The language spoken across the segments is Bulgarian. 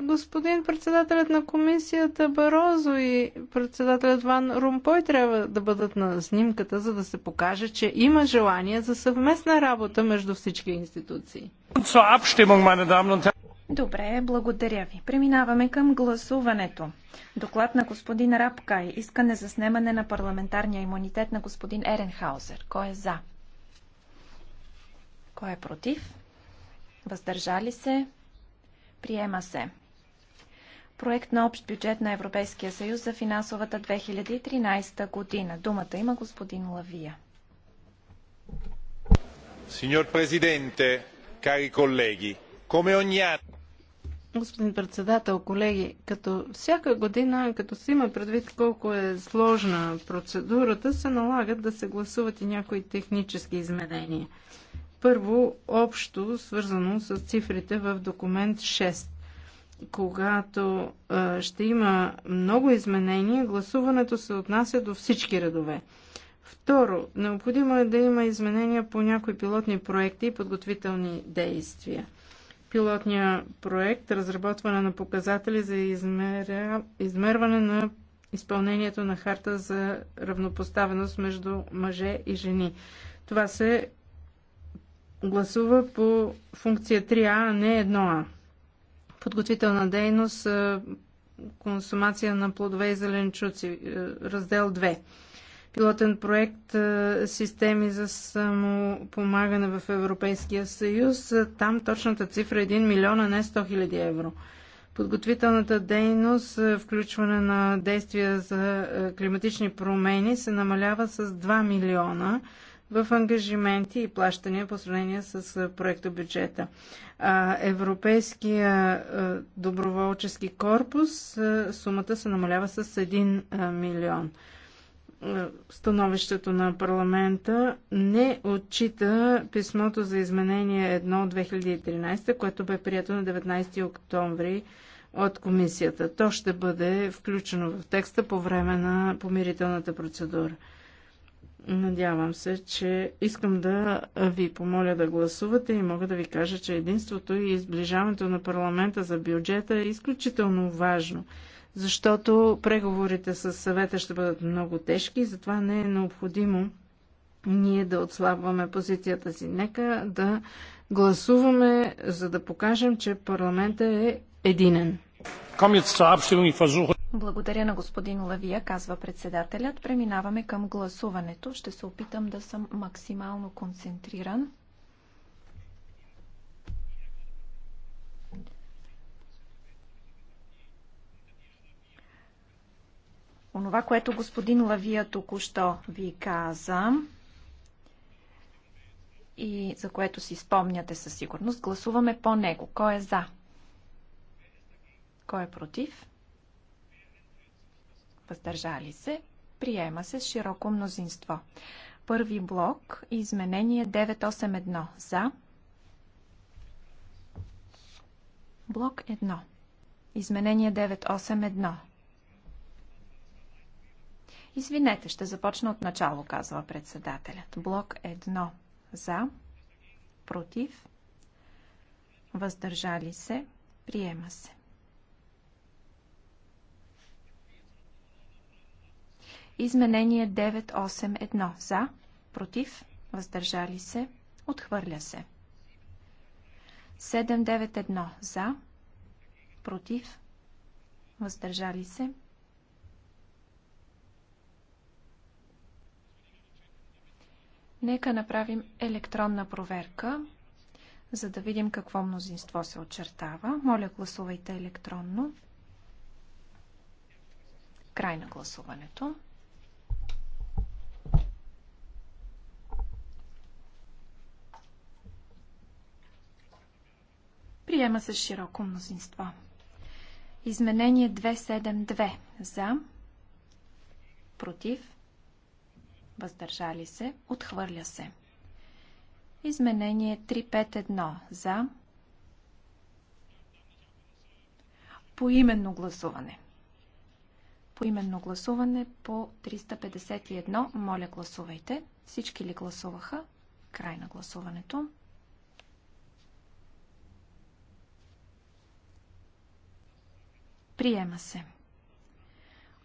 господин председателят на комисията Барозо и председателят Ван Румпой трябва да бъдат на снимката, за да се покаже, че има желание за съвместна работа между всички институции. Добре, благодаря ви. Преминаваме към гласуването. Доклад на господин Рапкай. Искане за снемане на парламентарния имунитет на господин Еренхаузер. Кой е за? Кой е против? Въздържали се? Приема се проект на общ бюджет на Европейския съюз за финансовата 2013 година. Думата има господин Лавия. Сеньор президенте, кари колеги, коме ogni Господин председател, колеги, като всяка година, като се има предвид колко е сложна процедурата, се налагат да се гласуват и някои технически изменения. Първо, общо, свързано с цифрите в документ 6 когато ще има много изменения, гласуването се отнася до всички редове. Второ, необходимо е да има изменения по някои пилотни проекти и подготвителни действия. Пилотният проект разработване на показатели за измеря... измерване на изпълнението на харта за равнопоставеност между мъже и жени. Това се гласува по функция 3А, а не 1А подготвителна дейност, е, консумация на плодове и зеленчуци, е, раздел 2. Пилотен проект е, Системи за самопомагане в Европейския съюз. Там точната цифра е 1 милион а не 100 хиляди евро. Подготвителната дейност, включване на действия за климатични промени, се намалява с 2 милиона в ангажименти и плащания по сравнение с проекта бюджета. Европейския доброволчески корпус сумата се намалява с 1 милион становището на парламента не отчита писмото за изменение 1 от 2013, което бе прието на 19 октомври от комисията. То ще бъде включено в текста по време на помирителната процедура. Надявам се, че искам да ви помоля да гласувате и мога да ви кажа, че единството и изближаването на парламента за бюджета е изключително важно, защото преговорите с съвета ще бъдат много тежки и затова не е необходимо ние да отслабваме позицията си. Нека да гласуваме, за да покажем, че парламентът е единен. Kommen благодаря на господин Лавия, казва председателят. Преминаваме към гласуването. Ще се опитам да съм максимално концентриран. Онова, което господин Лавия току-що ви каза и за което си спомняте със сигурност, гласуваме по него. Кой е за? Кой е против? въздържали се, приема се с широко мнозинство. Първи блок, изменение 981 за. Блок 1. Изменение 981. Извинете, ще започна от начало, казва председателят. Блок 1. За. Против. Въздържали се. Приема се. Изменение 981 за, против, въздържали се, отхвърля се. 791 за, против, въздържали се. Нека направим електронна проверка, за да видим какво мнозинство се очертава. Моля, гласувайте електронно. Край на гласуването. Приема се широко мнозинство. Изменение 272 за, против, въздържали се, отхвърля се. Изменение 351 за поименно гласуване. Поименно гласуване по 351. Моля гласувайте. Всички ли гласуваха? Край на гласуването. Приема се.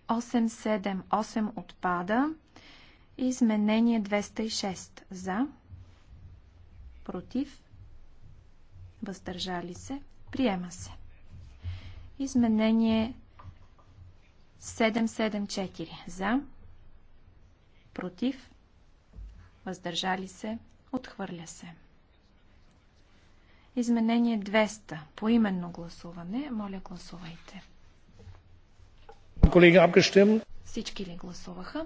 878 отпада. Изменение 206 за. Против. Въздържали се. Приема се. Изменение 774 за. Против. Въздържали се. Отхвърля се. Изменение 200. Поименно гласуване. Моля, гласувайте. Колеги, abgestimmt? Всички ли гласуваха?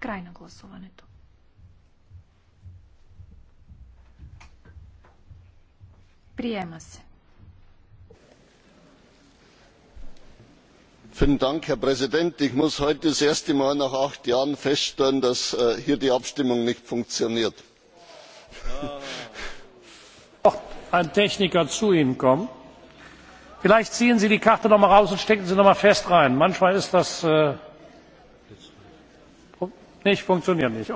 Край на гласуването. Приема се. herr präsident! ich muss heute das erste mal nach acht jahren feststellen dass hier die abstimmung nicht funktioniert. ein techniker zu ihnen kommt vielleicht ziehen sie die karte noch einmal heraus und stecken sie noch einmal fest hinein. manchmal ist das nicht, funktioniert nicht.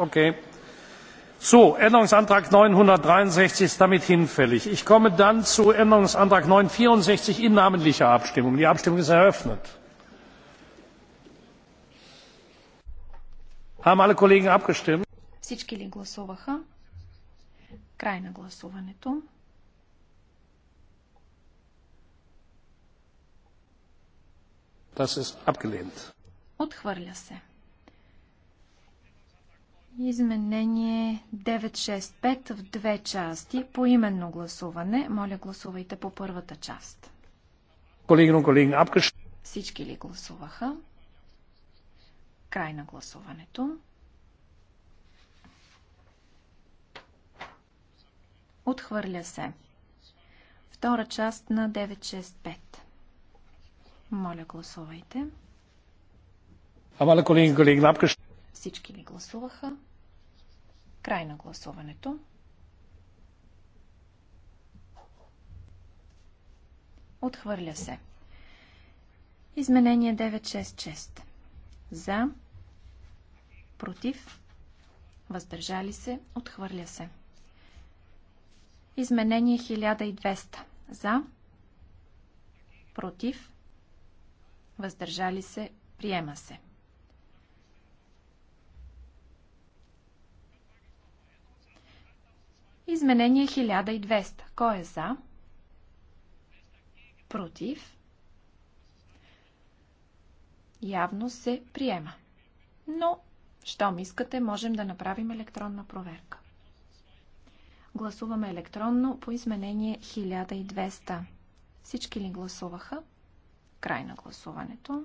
änderungsantrag neunhundertdreiundsechzig ist damit hinfällig. ich komme dann zu änderungsantrag neunhundertvierundsechzig in namentlicher abstimmung. die abstimmung ist eröffnet. haben alle kollegen abgestimmt? Das ist abgelehnt. Отхвърля се. Изменение 965 в две части по именно гласуване. Моля, гласувайте по първата част. Всички ли гласуваха? Край на гласуването. Отхвърля се. Втора част на 965. Моля, гласувайте. колеги, колеги, Всички ли гласуваха? Край на гласуването. Отхвърля се. Изменение 966. За. Против. Въздържали се. Отхвърля се. Изменение 1200. За. Против въздържали се, приема се. Изменение 1200. Кой е за? Против? Явно се приема. Но, щом искате, можем да направим електронна проверка. Гласуваме електронно по изменение 1200. Всички ли гласуваха? Край на гласуването.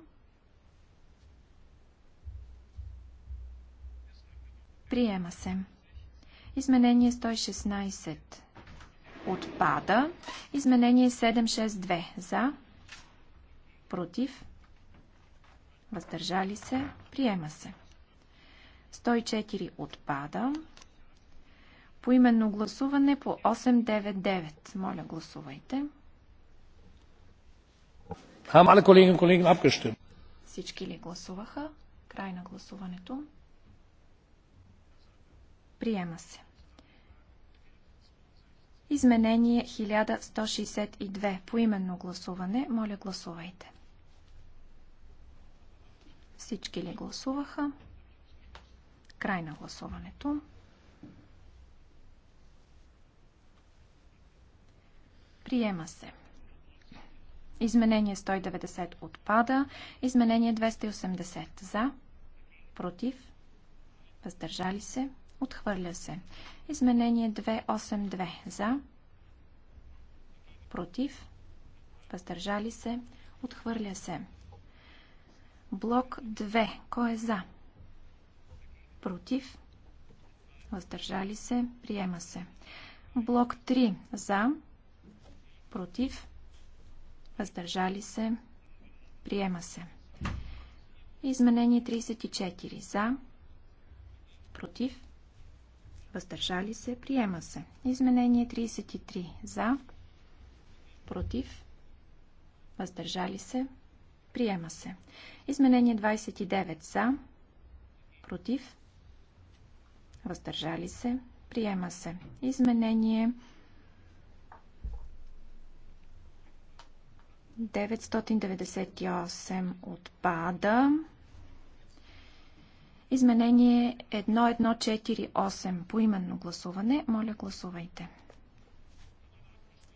Приема се. Изменение 116 отпада. Изменение 762 за. Против. Въздържали се. Приема се. 104 отпада. Поименно гласуване по 899. Моля, гласувайте. Всички ли гласуваха? Край на гласуването. Приема се. Изменение 1162. По именно гласуване. Моля, гласувайте. Всички ли гласуваха? Край на гласуването. Приема се. Изменение 190 отпада. Изменение 280 за, против, въздържали се, отхвърля се. Изменение 282 за, против, въздържали се, отхвърля се. Блок 2. Кой е за? Против, въздържали се, приема се. Блок 3. За, против, въздържали се, приема се. Изменение 34 за, против, въздържали се, приема се. Изменение 33 за, против, въздържали се, приема се. Изменение 29 за, против, въздържали се, приема се. Изменение 998 отпада. Изменение 1148 по именно гласуване. Моля, гласувайте.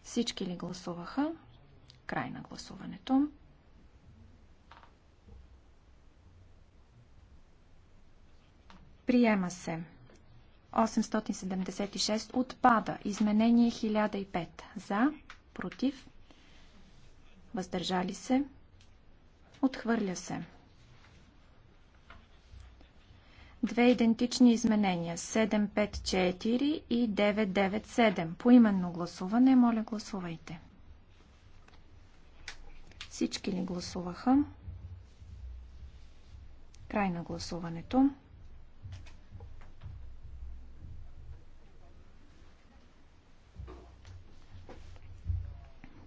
Всички ли гласуваха? Край на гласуването. Приема се. 876 отпада. Изменение 1005. За. Против въздържали се, отхвърля се. Две идентични изменения 754 и 997. По именно гласуване, моля гласувайте. Всички ли гласуваха? Край на гласуването.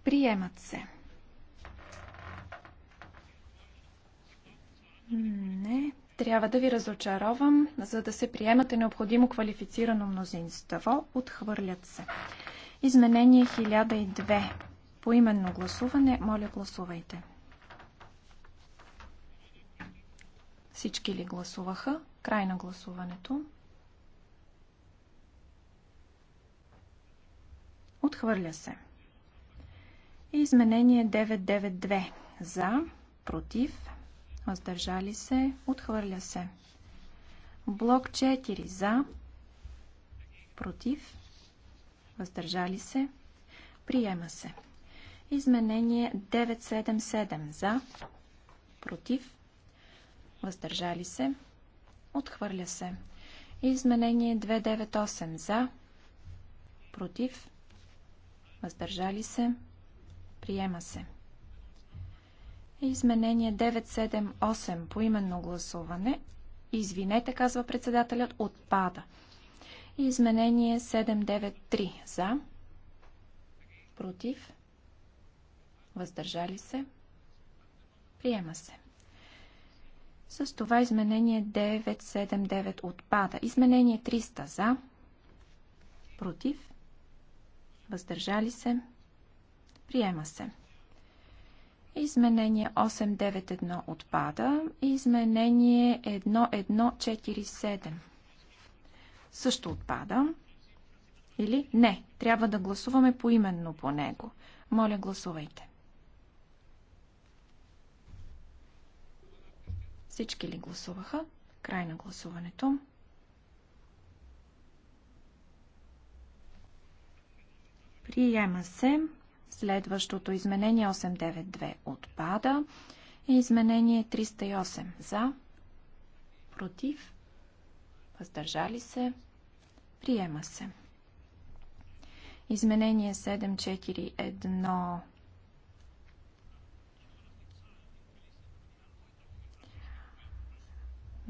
Приемат се. Не, трябва да ви разочаровам, за да се приемате необходимо квалифицирано мнозинство. Отхвърлят се. Изменение 1002. По именно гласуване, моля гласувайте. Всички ли гласуваха? Край на гласуването. Отхвърля се. Изменение 992. За, против, въздържали се, отхвърля се. Блок 4 за, против, въздържали се, приема се. Изменение 977 за, против, въздържали се, отхвърля се. Изменение 298 за, против, въздържали се, приема се. Изменение 978 по именно гласуване. Извинете, казва председателят, отпада. Изменение 793 за. Против. Въздържали се. Приема се. С това изменение 979 отпада. Изменение 300 за. Против. Въздържали се. Приема се. Изменение 891 отпада. Изменение 1147 също отпада. Или не, трябва да гласуваме поименно по него. Моля, гласувайте. Всички ли гласуваха? Край на гласуването. Приема се. Следващото изменение 892 отпада. и Изменение 308 за, против, въздържали се, приема се. Изменение 741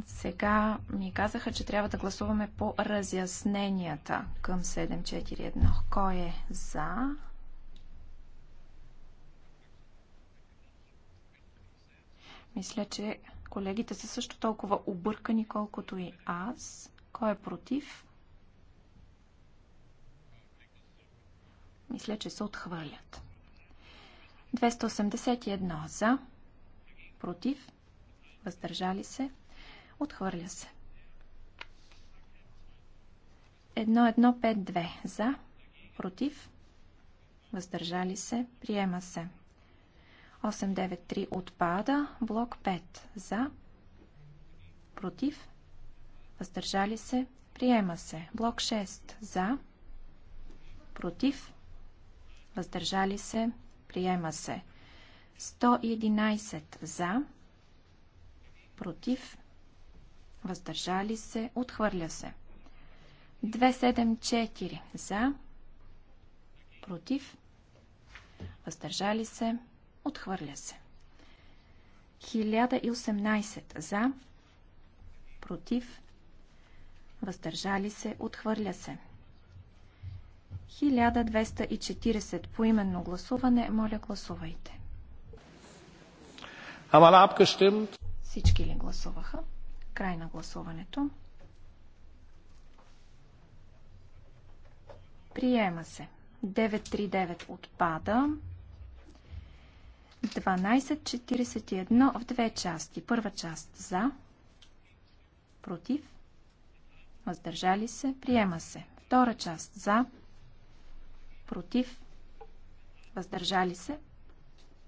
Сега ми казаха, че трябва да гласуваме по разясненията към 741. Кой е за? Мисля, че колегите са също толкова объркани, колкото и аз. Кой е против? Мисля, че се отхвърлят. 281 за, против, въздържали се, отхвърля се. 1152 за, против, въздържали се, приема се. 893 отпада. Блок 5 за. Против. Въздържали се. Приема се. Блок 6 за. Против. Въздържали се. Приема се. 111 за. Против. Въздържали се. Отхвърля се. 274 за. Против. Въздържали се. Отхвърля се. 1018 за, против, въздържали се, отхвърля се. 1240 по именно гласуване, моля гласувайте. Амала abgestimmt? Всички ли гласуваха? Край на гласуването. Приема се. 939 отпада. 12.41 в две части. Първа част за, против, въздържали се, приема се. Втора част за, против, въздържали се,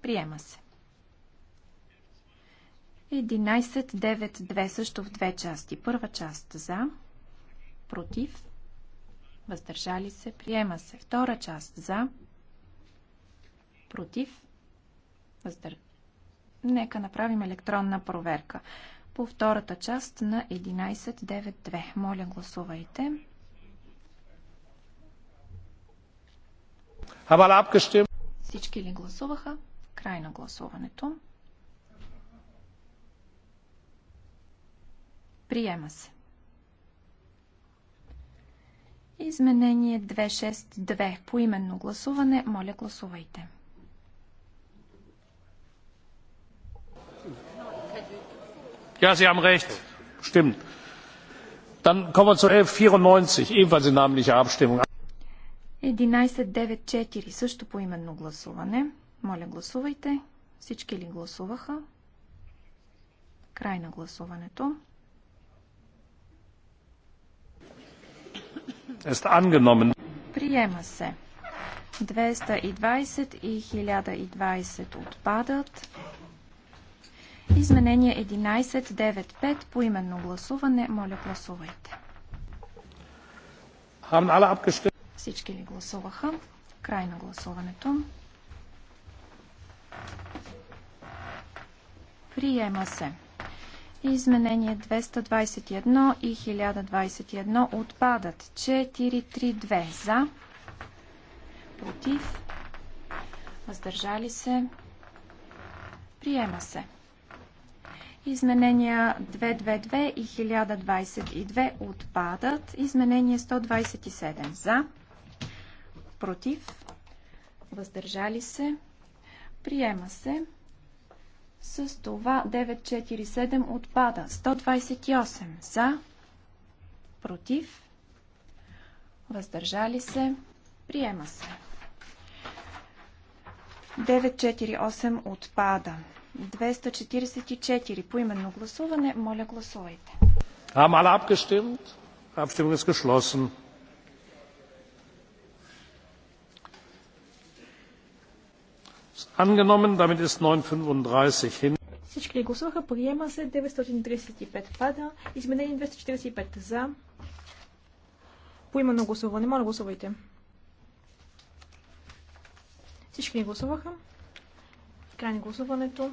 приема се. 11.9.2 също в две части. Първа част за, против, въздържали се, приема се. Втора част за, против, Въздър... Нека направим електронна проверка по втората част на 11.9.2. Моля, гласувайте. Всички ли гласуваха? Край на гласуването. Приема се. Изменение 262. именно гласуване. Моля, гласувайте. ja sie haben recht stimmt. dann kommen wir zu elfhundertvierundneunzig ebenfalls in namentlicher abstimmung. 11.9.4 също по именно гласуване. Моля гласувайте. Всички ли гласуваха? Край на гласуването. Приема се. 220 и 1020 отпадат. Изменение 11.9.5 по именно гласуване. Моля, гласувайте. Всички ли гласуваха? Край на гласуването. Приема се. Изменение 221 и 1021 отпадат. 432 за, против, въздържали се. Приема се. Изменения 222 и 1022 отпадат. Изменение 127 за, против, въздържали се, приема се. С това 947 отпада. 128 за, против, въздържали се, приема се. 948 отпада. 244 по гласуване. Моля гласувайте. Haben alle abgestimmt? Abstimmung ist geschlossen. Ist Angenommen, damit ist 935 hin. Всички ли гласуваха? Приема се 935 пада. Изменение 245 за. Поименно гласуване. Моля гласувайте. Всички ли гласуваха? Край на гласуването.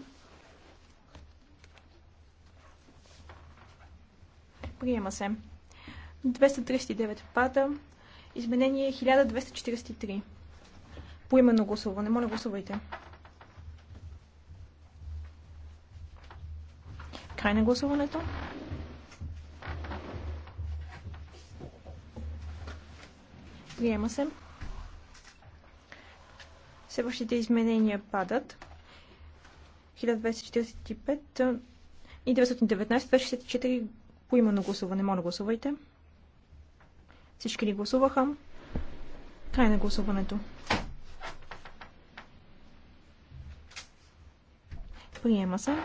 Приема се. 239 пада. Изменение 1243. Поименно гласуване. Моля, гласувайте. Край на гласуването. Приема се. Следващите изменения падат. 1245 и 919-264 по именно гласуване. Моля, гласувайте. Всички ли гласуваха? Край на гласуването. Приема се.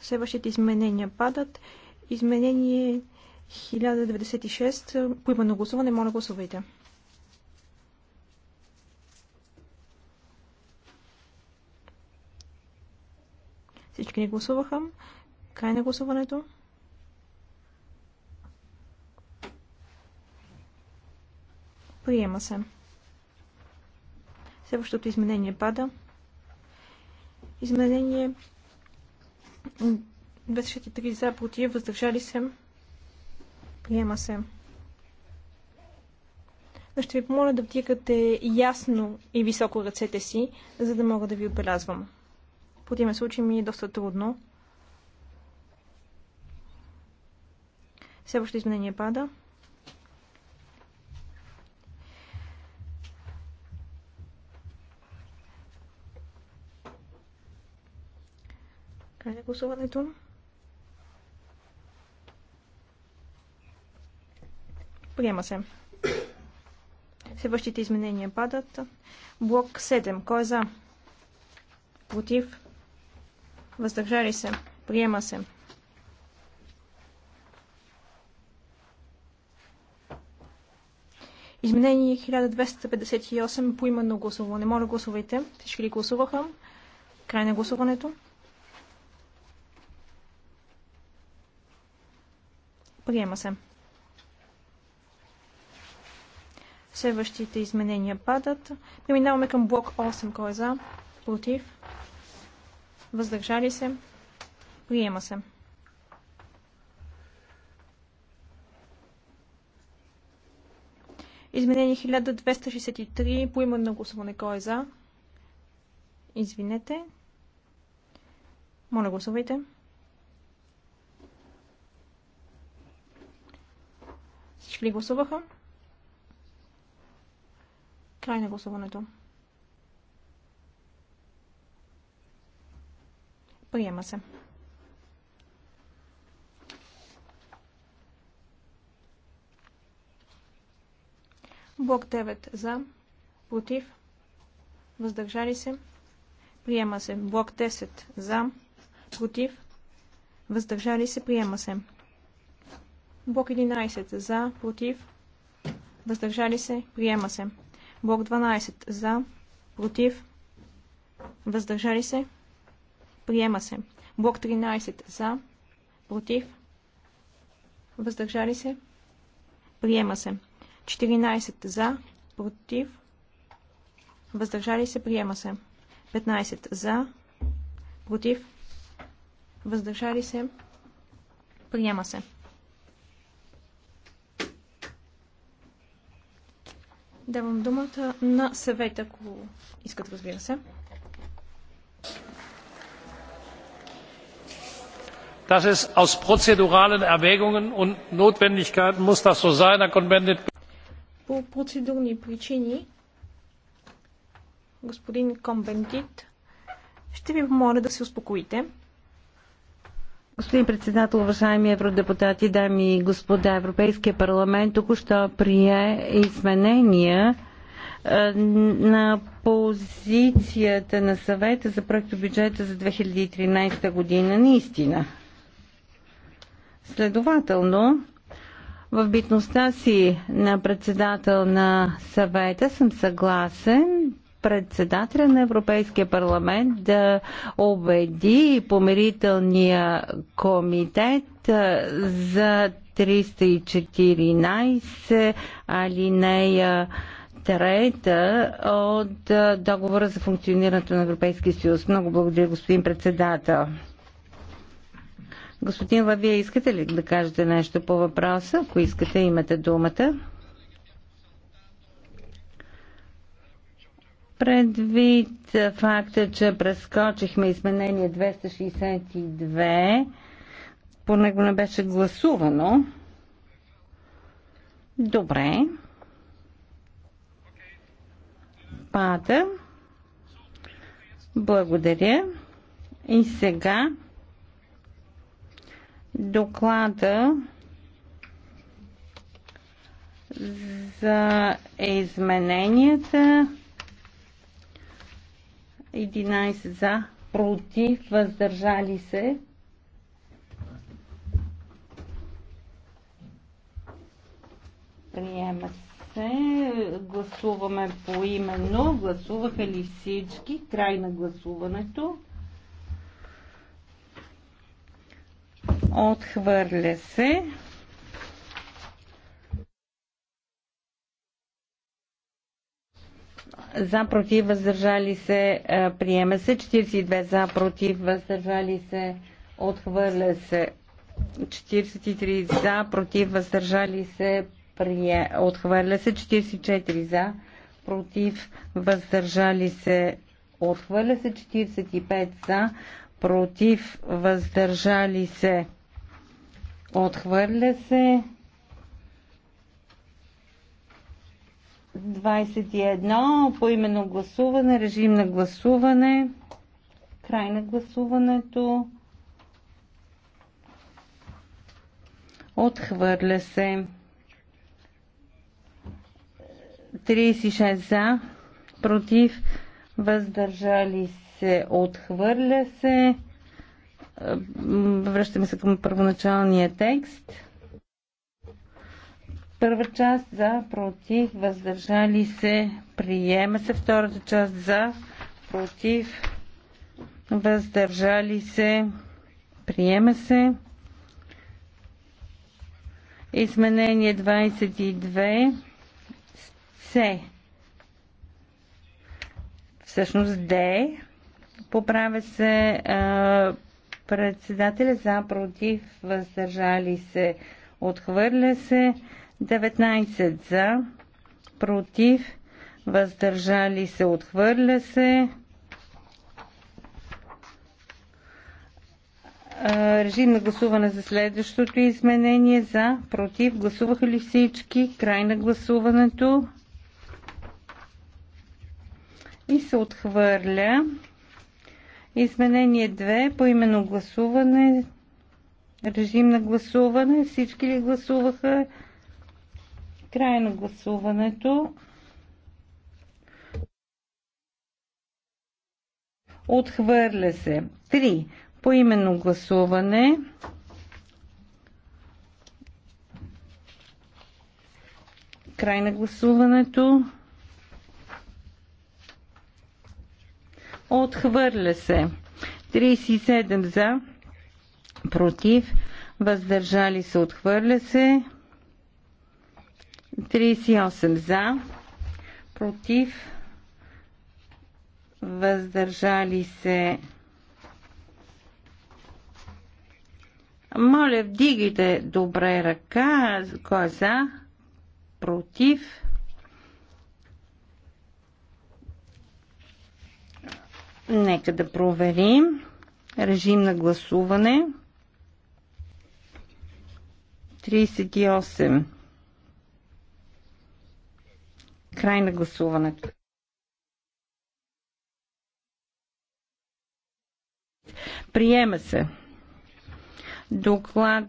Следващите изменения падат. Изменение 1096 по именно гласуване. Моля, гласувайте. ли гласуваха? Край на гласуването. Приема се. Следващото изменение пада. Изменение 23 за, против, въздържали се. Приема се. Но ще ви помоля да вдигате ясно и високо ръцете си, за да мога да ви отбелязвам. В противен случай ми е доста трудно. Следващото изменение пада. Край на гласуването. Приема се. Следващите изменения падат. Блок 7. Кой е за? Против? Въздържали се. Приема се. Изменение 1258 по именно гласуване. Моля гласувайте. Всички ли гласуваха? Край на гласуването. Приема се. Следващите изменения падат. Преминаваме към блок 8. Кой е за? Против? въздържали се, приема се. Изменение 1263, на гласуване, кой е за? Извинете. Моля, гласувайте. Всички ли гласуваха? Край на гласуването. Приема се. Блок 9 за, против, въздържали се. Приема се. Блок 10 за, против, въздържали се. Приема се. Блок 11 за, против, въздържали се. Приема се. Блок 12 за, против, въздържали се. Приема се. Блок 13 за. Против. Въздържали се. Приема се. 14 за. Против. Въздържали се. Приема се. 15 за. Против. Въздържали се. Приема се. Давам думата на съвета, ако искат, разбира се. das ist aus prozeduralen erwägungen und notwendigkeiten muss das so sein herr cohn bendit. по процедурни причини господин Комбендит, ще ви помоля да се успокоите. Господин председател, уважаеми евродепутати, дами и господа, Европейския парламент току-що прие изменения е, на позицията на съвета за проектобюджета за 2013 година. Наистина, Следователно, в битността си на председател на съвета съм съгласен председателя на Европейския парламент да убеди помирителния комитет за 314 алинея трета от договора за функционирането на Европейския съюз. Много благодаря, господин председател. Господин Лавия, искате ли да кажете нещо по въпроса? Ако искате, имате думата. Предвид факта, че прескочихме изменение 262, по него не беше гласувано. Добре. Пада. Благодаря. И сега доклада за измененията 11 за, против, въздържали се. Приема се. Гласуваме по именно, Гласуваха ли всички? Край на гласуването. Отхвърля се. за против въздържали се е, приема се 42 за против въздържали се отхвърля се 43 за против въздържали се прие, отхвърля се 44 за против въздържали се отхвърля се 45 за против въздържали се Отхвърля се. 21. По именно гласуване. Режим на гласуване. Край на гласуването. Отхвърля се. 36 за. Против. Въздържали се. Отхвърля се. Връщаме се към първоначалния текст. Първа част за, против, въздържали се, приема се. Втората част за, против, въздържали се, приема се. Изменение 22 С. Всъщност Д. Поправя се Председателя за, против, въздържали се, отхвърля се. 19 за, против, въздържали се, отхвърля се. режим на гласуване за следващото изменение. За, против, гласуваха ли всички? Край на гласуването. И се отхвърля. Изменение 2 по именно гласуване. Режим на гласуване. Всички ли гласуваха? Край на гласуването. Отхвърля се. 3. По именно гласуване. Край на гласуването. Отхвърля се. 37 за. Против. Въздържали се. Отхвърля се. 38 за. Против. Въздържали се. Моля, вдигайте добре ръка. Кой е за? Против. Нека да проверим. Режим на гласуване. 38. Край на гласуването. Приема се. Доклад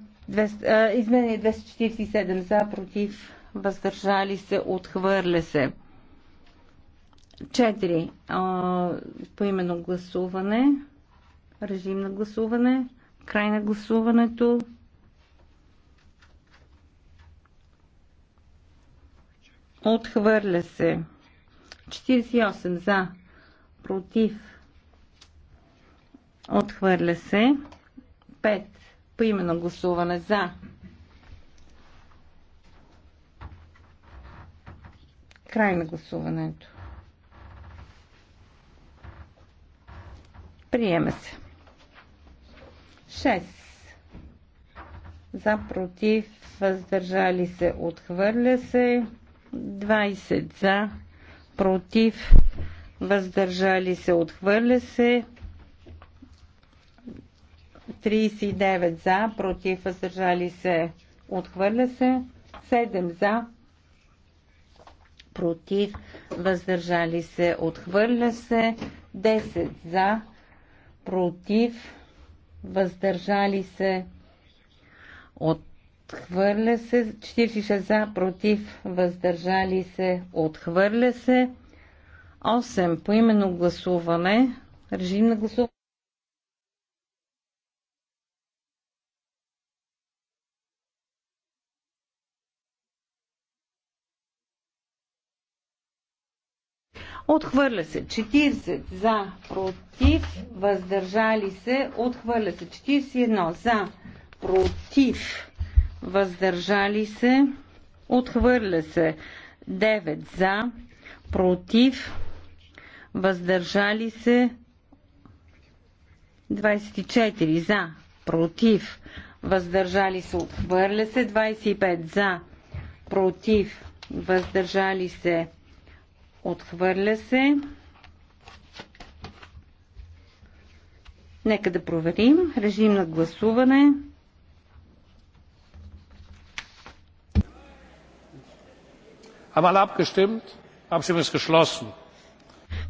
изменение 247 за, против, въздържали се, отхвърля се. 4. По именно гласуване. Режим на гласуване. Край на гласуването. Отхвърля се. 48 за. Против. Отхвърля се. 5. По именно гласуване за. Край на гласуването. Приема се. 6. За против, въздържали се, отхвърля се. 20 за, против, въздържали се, отхвърля се. 39 за, против, въздържали се, отхвърля се. 7 за, против, въздържали се, отхвърля се. 10 за, против, въздържали се, отхвърля се, 46 за, против, въздържали се, отхвърля се, 8 по именно гласуване, режим на гласуване. Отхвърля се 40 за, против, въздържали се. Отхвърля се 41 за, против, въздържали се. Отхвърля се 9 за, против, въздържали се. 24 за, против, въздържали се. Отхвърля се 25 за, против, въздържали се. Отхвърля се. Нека да проверим. Режим на гласуване. Haben alle abgestimmt? Abstimmung ist geschlossen.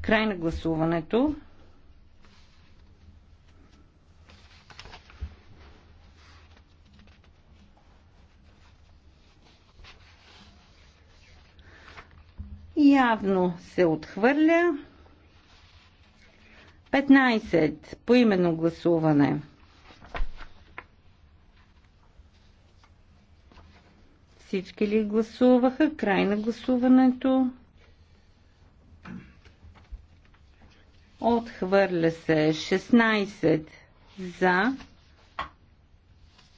Край на гласуването. Явно се отхвърля. 15. Поименно гласуване. Всички ли гласуваха? Край на гласуването. Отхвърля се 16 за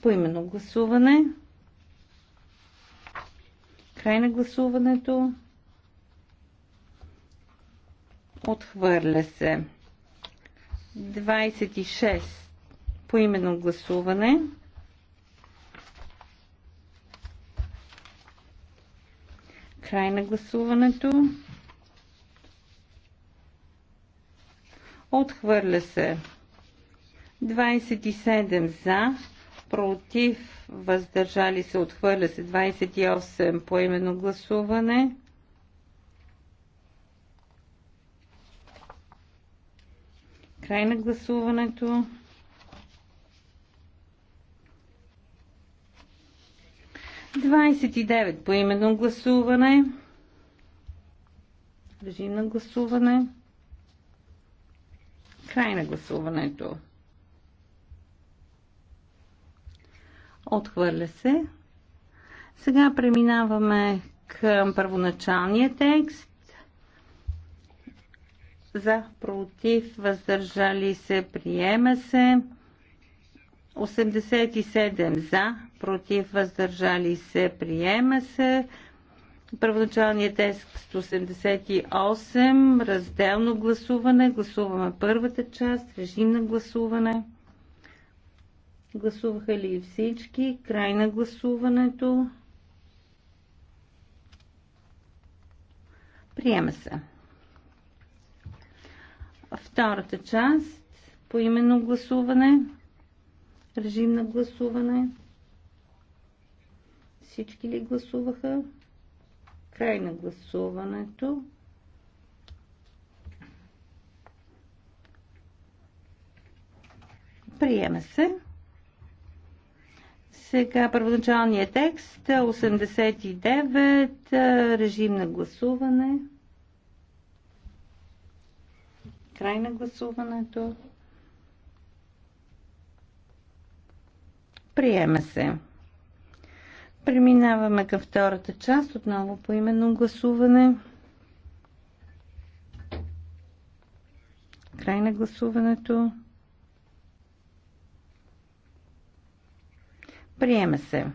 поименно гласуване. Край на гласуването. Отхвърля се. 26. По именно гласуване. Край на гласуването. Отхвърля се. 27 за, против, въздържали се, отхвърля се 28 по именно гласуване. Край на гласуването. Двадесет и девет по именно гласуване. Режим на гласуване. Край на гласуването. Отхвърля се. Сега преминаваме към първоначалния текст за, против, въздържали се, приема се. 87 за, против, въздържали се, приема се. Първоначалният текст 88, разделно гласуване. Гласуваме първата част, режим на гласуване. Гласуваха ли всички? Край на гласуването. Приема се. Втората част по именно гласуване. Режим на гласуване. Всички ли гласуваха? Край на гласуването. Приема се. Сега първоначалният текст 89, режим на гласуване. Край на гласуването. Приема се. Преминаваме към втората част, отново по именно гласуване. Край на гласуването. Приема се.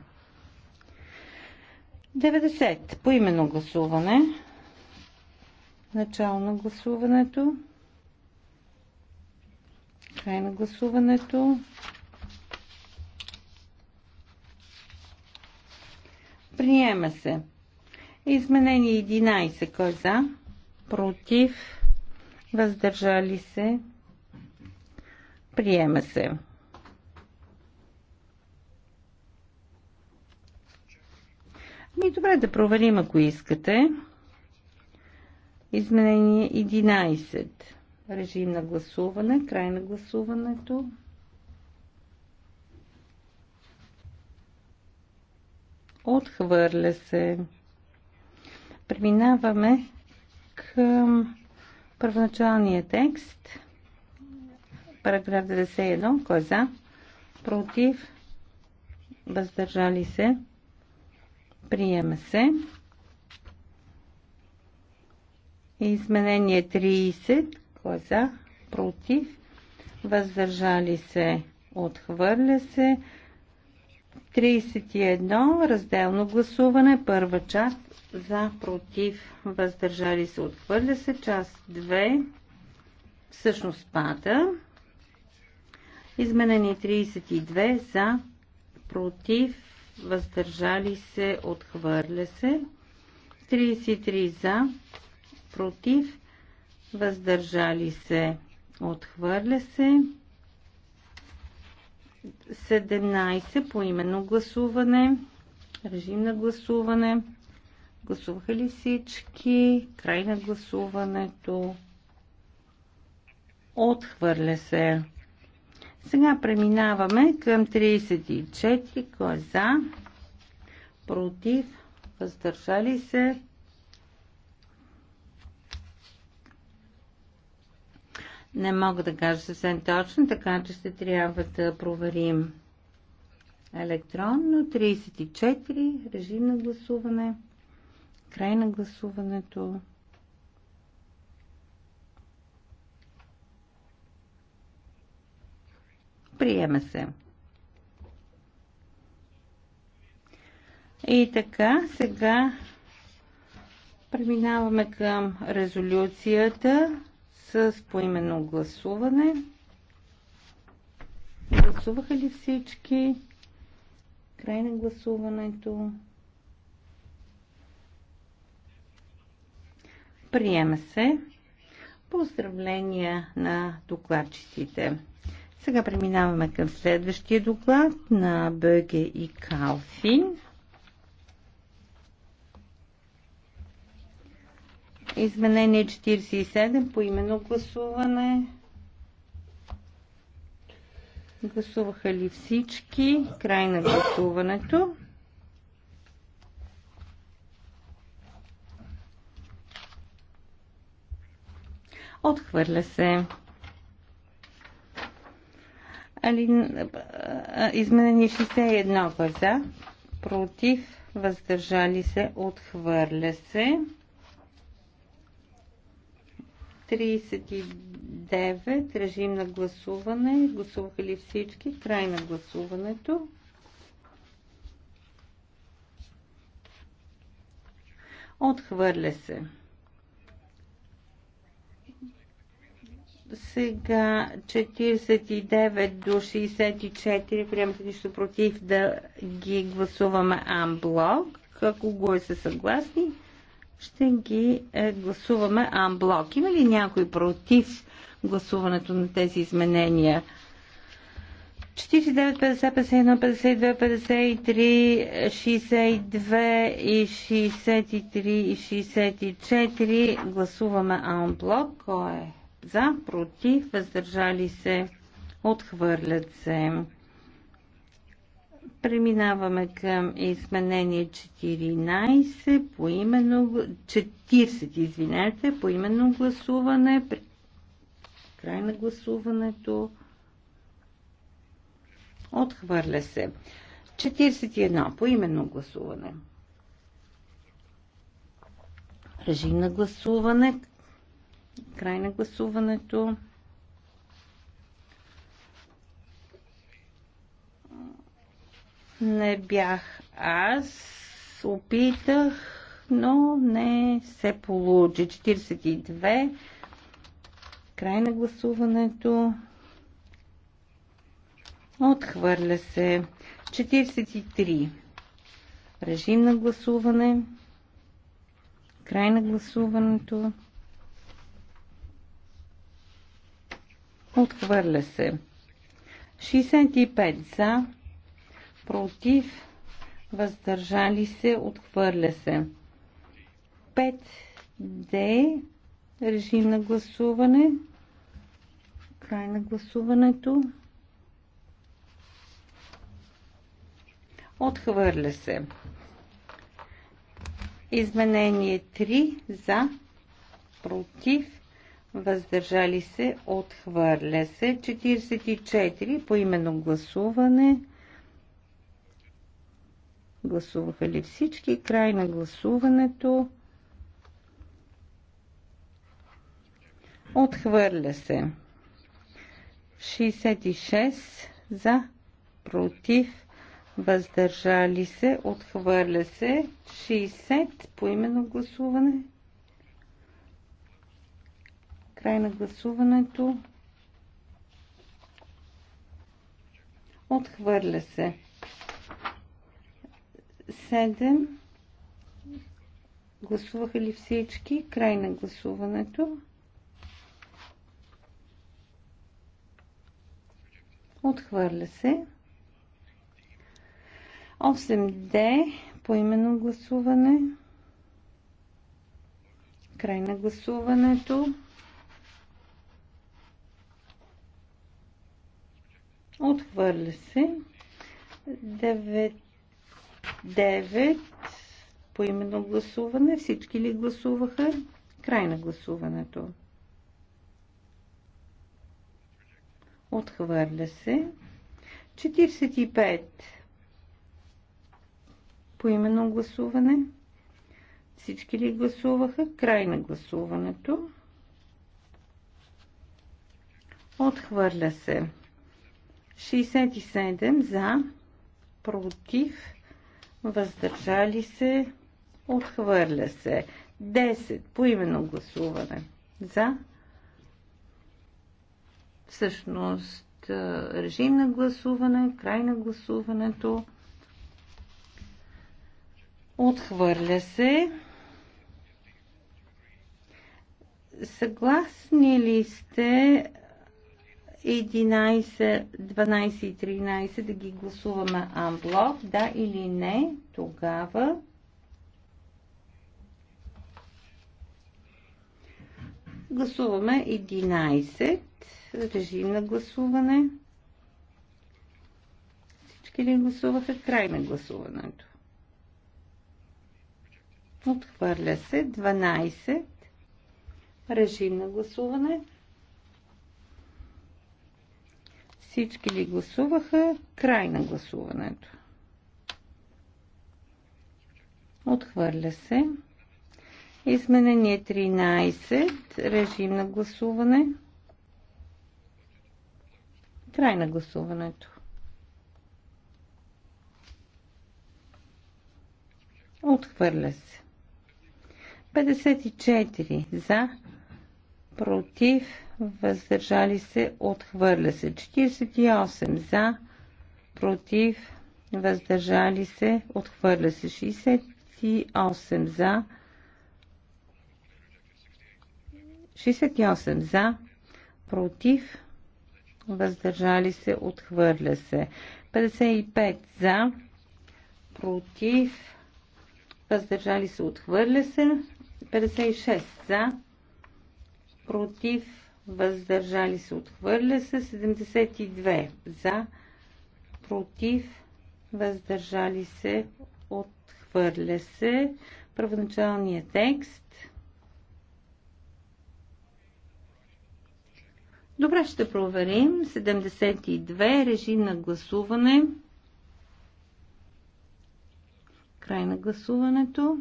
90. По именно гласуване. Начало на гласуването. Край на гласуването. Приема се. Изменение 11. Кой е за? Против. Въздържали се. Приема се. Ми добре да проверим, ако искате. Изменение 11. Режим на гласуване. Край на гласуването. Отхвърля се. Преминаваме към първоначалния текст. Параграф 91. Кой е за? Против? Въздържали се? Приема се. Изменение 30. Кой е за? Против. Въздържали се. Отхвърля се. 31. Разделно гласуване. Първа част. За, против, въздържали се. Отхвърля се. Част 2. Всъщност пада. Изменени 32. За, против, въздържали се. Отхвърля се. 33 за, против, въздържали се, отхвърля се. 17 по именно гласуване, режим на гласуване. Гласуваха ли всички? Край на гласуването. Отхвърля се. Сега преминаваме към 34. Кой е за? Против? Въздържали се? Не мога да кажа съвсем точно, така че ще трябва да проверим електронно. 34, режим на гласуване, край на гласуването. Приема се. И така, сега преминаваме към резолюцията с поименно гласуване. Гласуваха ли всички? Край на гласуването. Приема се. Поздравления на докладчиците. Сега преминаваме към следващия доклад на Бъге и Калфин. Изменение 47 по именно гласуване. Гласуваха ли всички? Край на гласуването. Отхвърля се. Изменени 61 е за, Против. Въздържали се. Отхвърля се. 39. Режим на гласуване. Гласуваха ли всички? Край на гласуването. Отхвърля се. Сега 49 до 64 приемате нищо против да ги гласуваме амблок. Ако го е съгласни, ще ги е, гласуваме Анблок. Има ли някой против гласуването на тези изменения? 49, 50, 51, 52, 53, 62 и 63 и 64. Гласуваме анблок. Кой е за, против, въздържали се, отхвърлят се. Преминаваме към изменение 14 по именно 40, извинете, по именно гласуване. Край на гласуването. Отхвърля се. 41 по именно гласуване. Режим на гласуване. Край на гласуването. не бях аз. Опитах, но не се получи. 42. Край на гласуването. Отхвърля се. 43. Режим на гласуване. Край на гласуването. Отхвърля се. 65 за против, въздържали се, отхвърля се. 5D, режим на гласуване, край на гласуването. Отхвърля се. Изменение 3 за, против, въздържали се, отхвърля се. 44 по именно гласуване. Гласуваха ли всички? Край на гласуването. Отхвърля се. 66 за, против, въздържали се, отхвърля се. 60 по именно гласуване. Край на гласуването. Отхвърля се. 7. Гласуваха ли всички? Край на гласуването. Отхвърля се. 8D по именно гласуване. Край на гласуването. Отхвърля се. 9 9 по именно гласуване. Всички ли гласуваха? Край на гласуването. Отхвърля се. 45 по именно гласуване. Всички ли гласуваха? Край на гласуването. Отхвърля се. 67 за, против, въздържали се, отхвърля се. 10 по именно гласуване за. Всъщност е, режим на гласуване, край на гласуването. Отхвърля се. Съгласни ли сте 11, 12 и 13 да ги гласуваме анблок, да или не, тогава гласуваме 11, режим на гласуване. Всички ли гласуваха? Край на гласуването. Отхвърля се 12, режим на гласуване. Всички ли гласуваха? Край на гласуването. Отхвърля се. Изменение 13. Режим на гласуване. Край на гласуването. Отхвърля се. 54 за, против, въздържали се, отхвърля се. 48 за, против, въздържали се, отхвърля се. 68 за, 68 за, против, въздържали се, отхвърля се. 55 за, против, въздържали се, отхвърля се. 56 за, против, въздържали се, отхвърля се. 72 за, против, въздържали се, отхвърля се. Първоначалният текст. Добре, ще проверим. 72, режим на гласуване. Край на гласуването.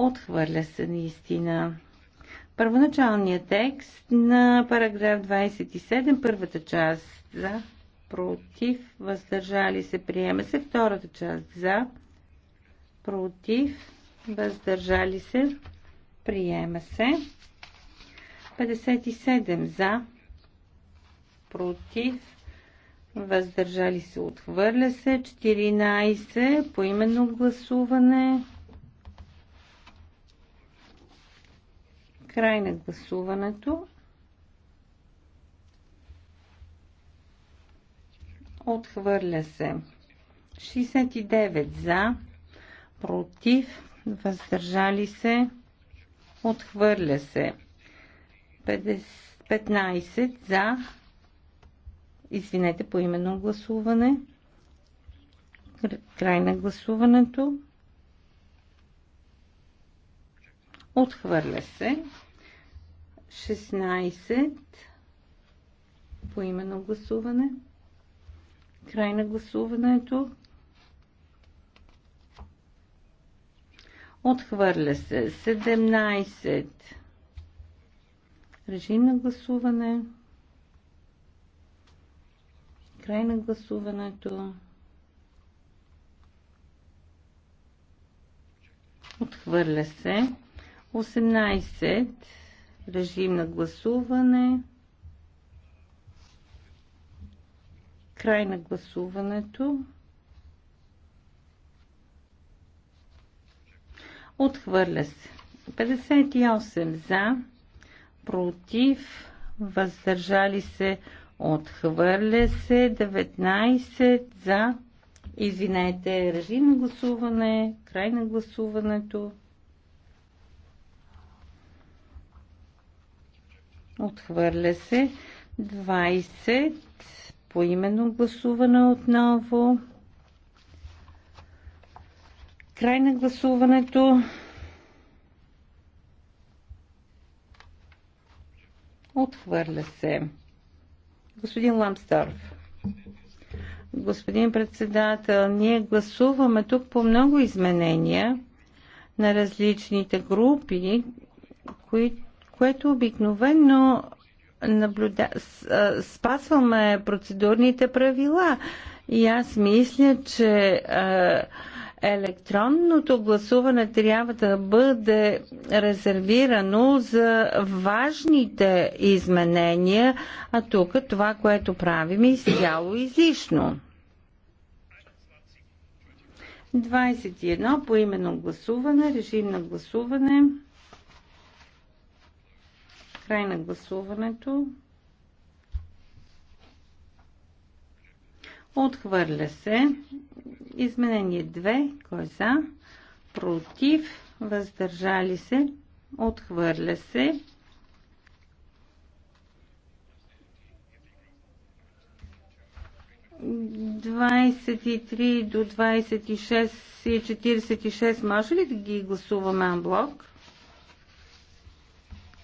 Отхвърля се наистина. Първоначалният текст на параграф 27, първата част за, против, въздържали се, приема се, втората част за, против, въздържали се, приема се. 57 за, против, въздържали се, отхвърля се, 14 по именно гласуване, Край на гласуването. Отхвърля се. 69 за, против, въздържали се, отхвърля се. 15 за, извинете, по именно гласуване. Край на гласуването. Отхвърля се. 16 по на гласуване. Край на гласуването. Отхвърля се. 17. Режим на гласуване. Край на гласуването. Отхвърля се. 18. Режим на гласуване. Край на гласуването. Отхвърля се. 58 за, против, въздържали се, отхвърля се, 19 за, извинете, режим на гласуване, край на гласуването. Отхвърля се. 20. По именно гласуване отново. Край на гласуването. Отхвърля се. Господин Ламстарф. Господин председател, ние гласуваме тук по много изменения на различните групи, които което обикновено наблюда... спасваме процедурните правила. И аз мисля, че електронното гласуване трябва да бъде резервирано за важните изменения, а тук това, което правим е изцяло излишно. 21 по именно гласуване, режим на гласуване. Край на гласуването. Отхвърля се. Изменение 2. Кой е за? Против. Въздържали се. Отхвърля се. Двадесет три до 26 и 46 може ли да ги гласуваме анблок?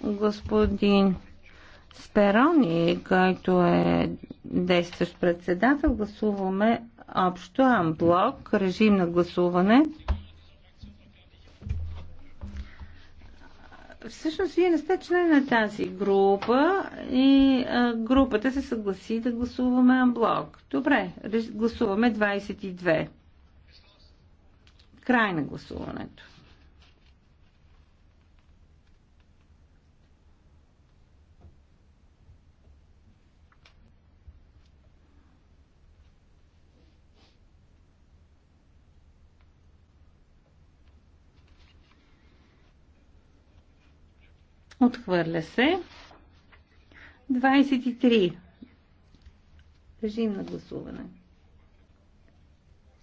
господин Сперони, който е действащ председател, гласуваме общо амблок, режим на гласуване. Всъщност, вие не сте член на тази група и а, групата се съгласи да гласуваме амблок. Добре, гласуваме 22. Край на гласуването. Отхвърля се. 23. Режим на гласуване.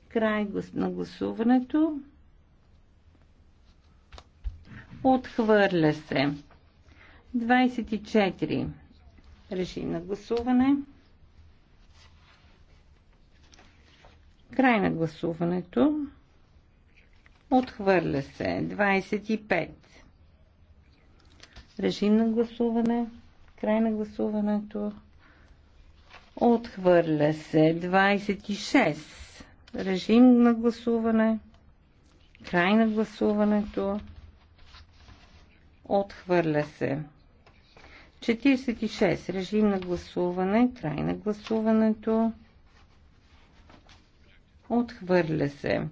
Край на гласуването. Отхвърля се. 24. Режим на гласуване. Край на гласуването. Отхвърля се. 25. Режим на гласуване. Край на гласуването. Отхвърля се. 26. Режим на гласуване. Край на гласуването. Отхвърля се. 46. Режим на гласуване. Край на гласуването. Отхвърля се.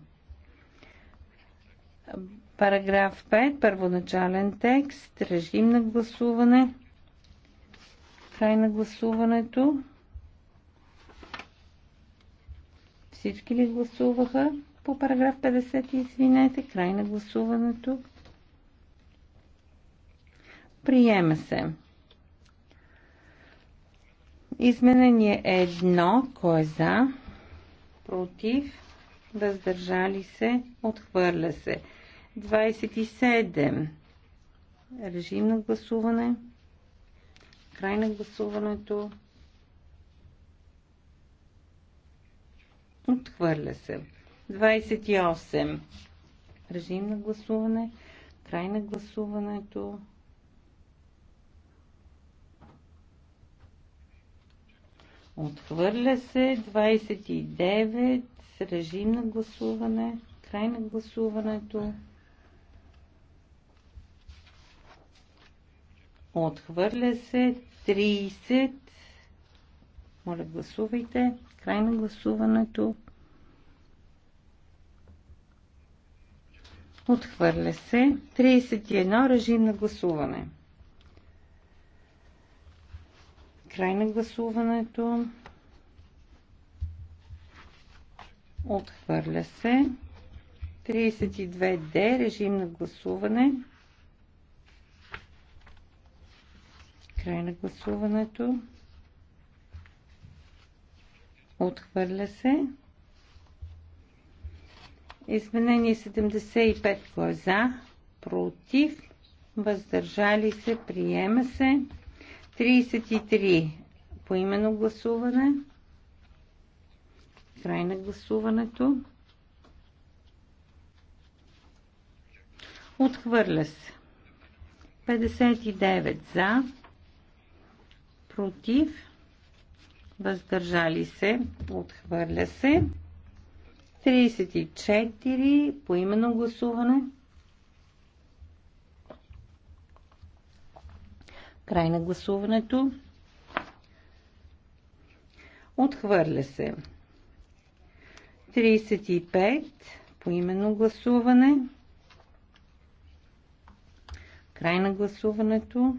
Параграф 5, първоначален текст, режим на гласуване, край на гласуването. Всички ли гласуваха по параграф 50? Извинете, край на гласуването. Приема се. Изменение е едно. Кой е за? Против? Въздържали се? Отхвърля се. 27. Режим на гласуване. Край на гласуването. Отхвърля се. 28. Режим на гласуване. Край на гласуването. Отхвърля се. 29. Режим на гласуване. Край на гласуването. Отхвърля се 30. Моля, гласувайте. Край на гласуването. Отхвърля се. 31. Режим на гласуване. Край на гласуването. Отхвърля се. 32D. Режим на гласуване. Край на гласуването. Отхвърля се. Изменение 75 кой е за, против, въздържали се, приема се. 33 по именно гласуване. Край на гласуването. Отхвърля се. 59 за, против, въздържали се, отхвърля се. 34 по именно гласуване. Край на гласуването. Отхвърля се. 35 по именно гласуване. Край на гласуването.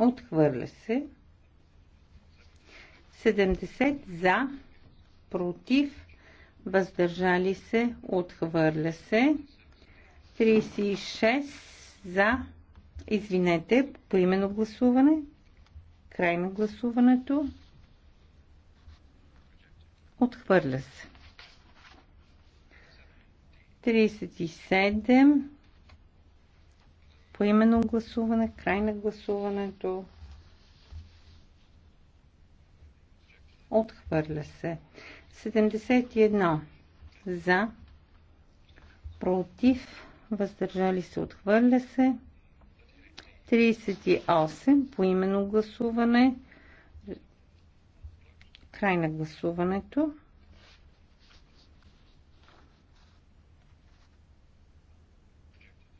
Отхвърля се. 70 за, против, въздържали се, отхвърля се. 36 за, извинете, поименно гласуване. Край на гласуването. Отхвърля се. 37 Поимено гласуване, край на гласуването. Отхвърля се. 71 за, против, въздържали се, отхвърля се. 38 по гласуване. Край на гласуването.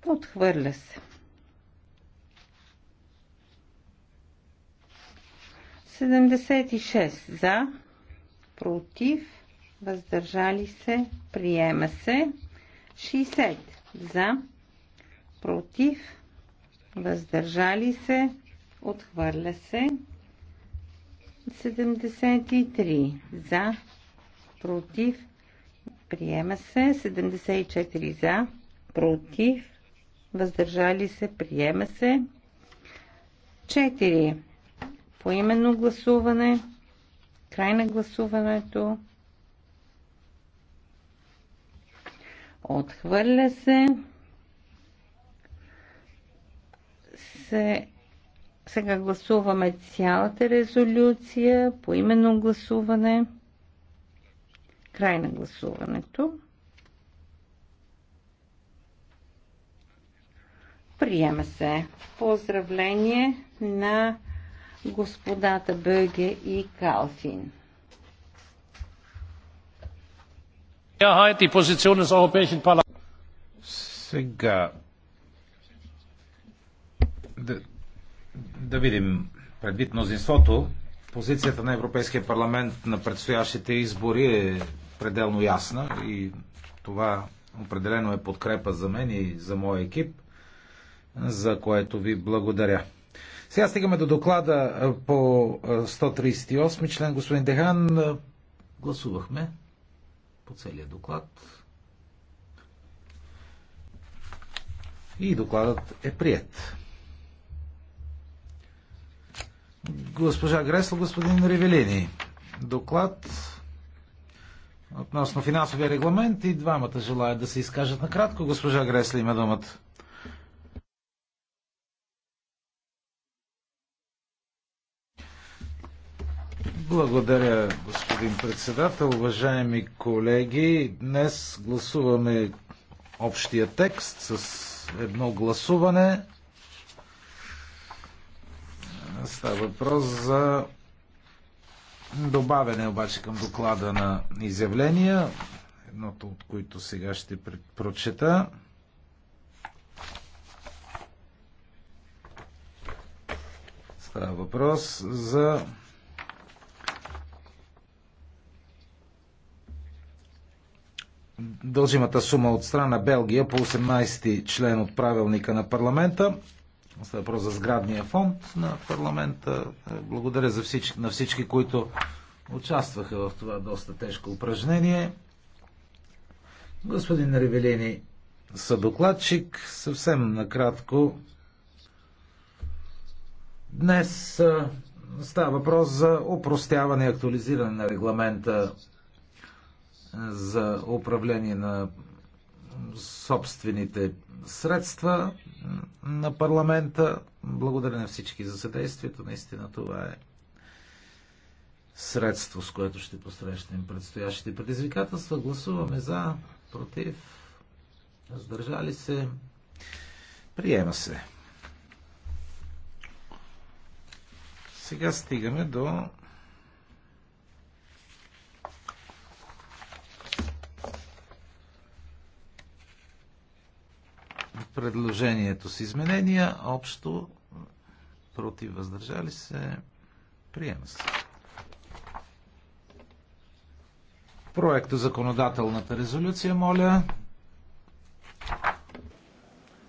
Отхвърля се. 76 за, против, въздържали се, приема се. 60 за, против, въздържали се, отхвърля се. 73 за, против, приема се. 74 за, против, въздържали се, приема се. 4 по именно гласуване. Край на гласуването. Отхвърля се. се. Сега гласуваме цялата резолюция по именно гласуване. Край на гласуването. Приема се. Поздравление на господата Бърге и Калфин. Сега да, да видим предвид мнозинството, позицията на Европейския парламент на предстоящите избори е пределно ясна и това определено е подкрепа за мен и за моя екип, за което ви благодаря. Сега стигаме до доклада по 138 член. Господин Дехан, гласувахме по целия доклад. И докладът е прият. Госпожа Гресло, господин Ревелини. Доклад относно финансовия регламент и двамата желаят да се изкажат накратко. Госпожа Гресло има думата. Благодаря, господин председател. Уважаеми колеги, днес гласуваме общия текст с едно гласуване. Става въпрос за добавяне обаче към доклада на изявления, едното от които сега ще прочета. Става въпрос за дължимата сума от страна Белгия по 18 ти член от правилника на парламента. Става въпрос за сградния фонд на парламента. Е, благодаря за всички, на всички, които участваха в това доста тежко упражнение. Господин Ревелини, съдокладчик, съвсем накратко. Днес е, става въпрос за упростяване и актуализиране на регламента за управление на собствените средства на парламента. Благодаря на всички за съдействието. Наистина това е средство, с което ще посрещнем предстоящите предизвикателства. Гласуваме за, против, Раздържали се. Приема се. Сега стигаме до предложението с изменения. Общо против въздържали се. Приема се. Проекта законодателната резолюция, моля.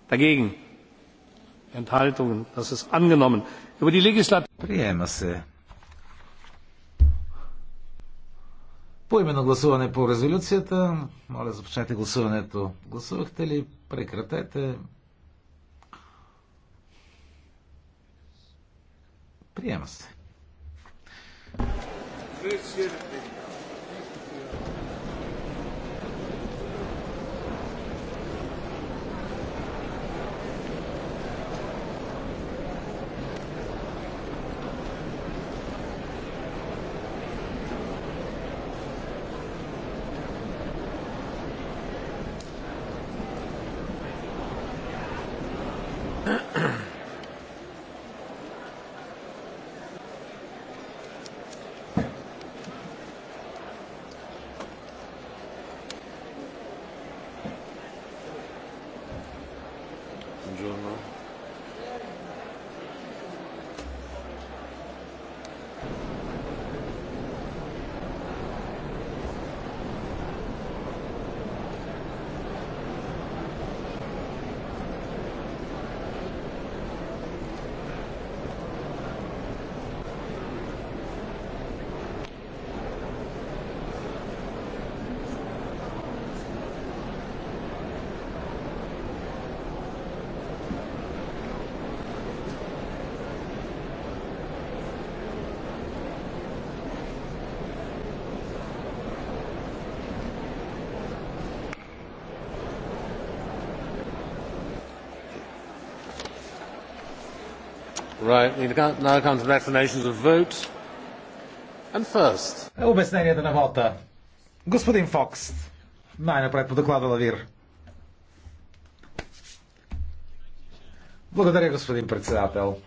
Dagegen. Enthaltungen. Das ist angenommen. Über die Приема се. По име на гласуване по резолюцията, моля започнете гласуването. Гласувахте ли Прекратете. Приема се. Right, we now come to explanations of vote. And first. Обясненията на вота. Господин Фокс, най-напред по доклада Лавир. Благодаря, господин председател.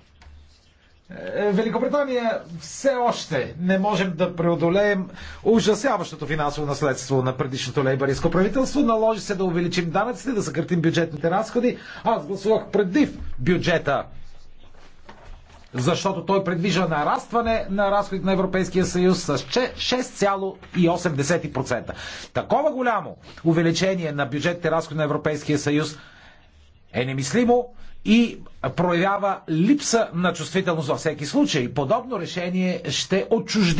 Е, Великобритания все още не можем да преодолеем ужасяващото финансово наследство на предишното лейбаристско правителство. Наложи се да увеличим данъците, да съкратим бюджетните разходи. Аз гласувах предив бюджета защото той предвижда нарастване на разходите на Европейския съюз с 6,8%. Такова голямо увеличение на бюджетните разходи на Европейския съюз е немислимо и проявява липса на чувствителност във всеки случай. Подобно решение ще отчужди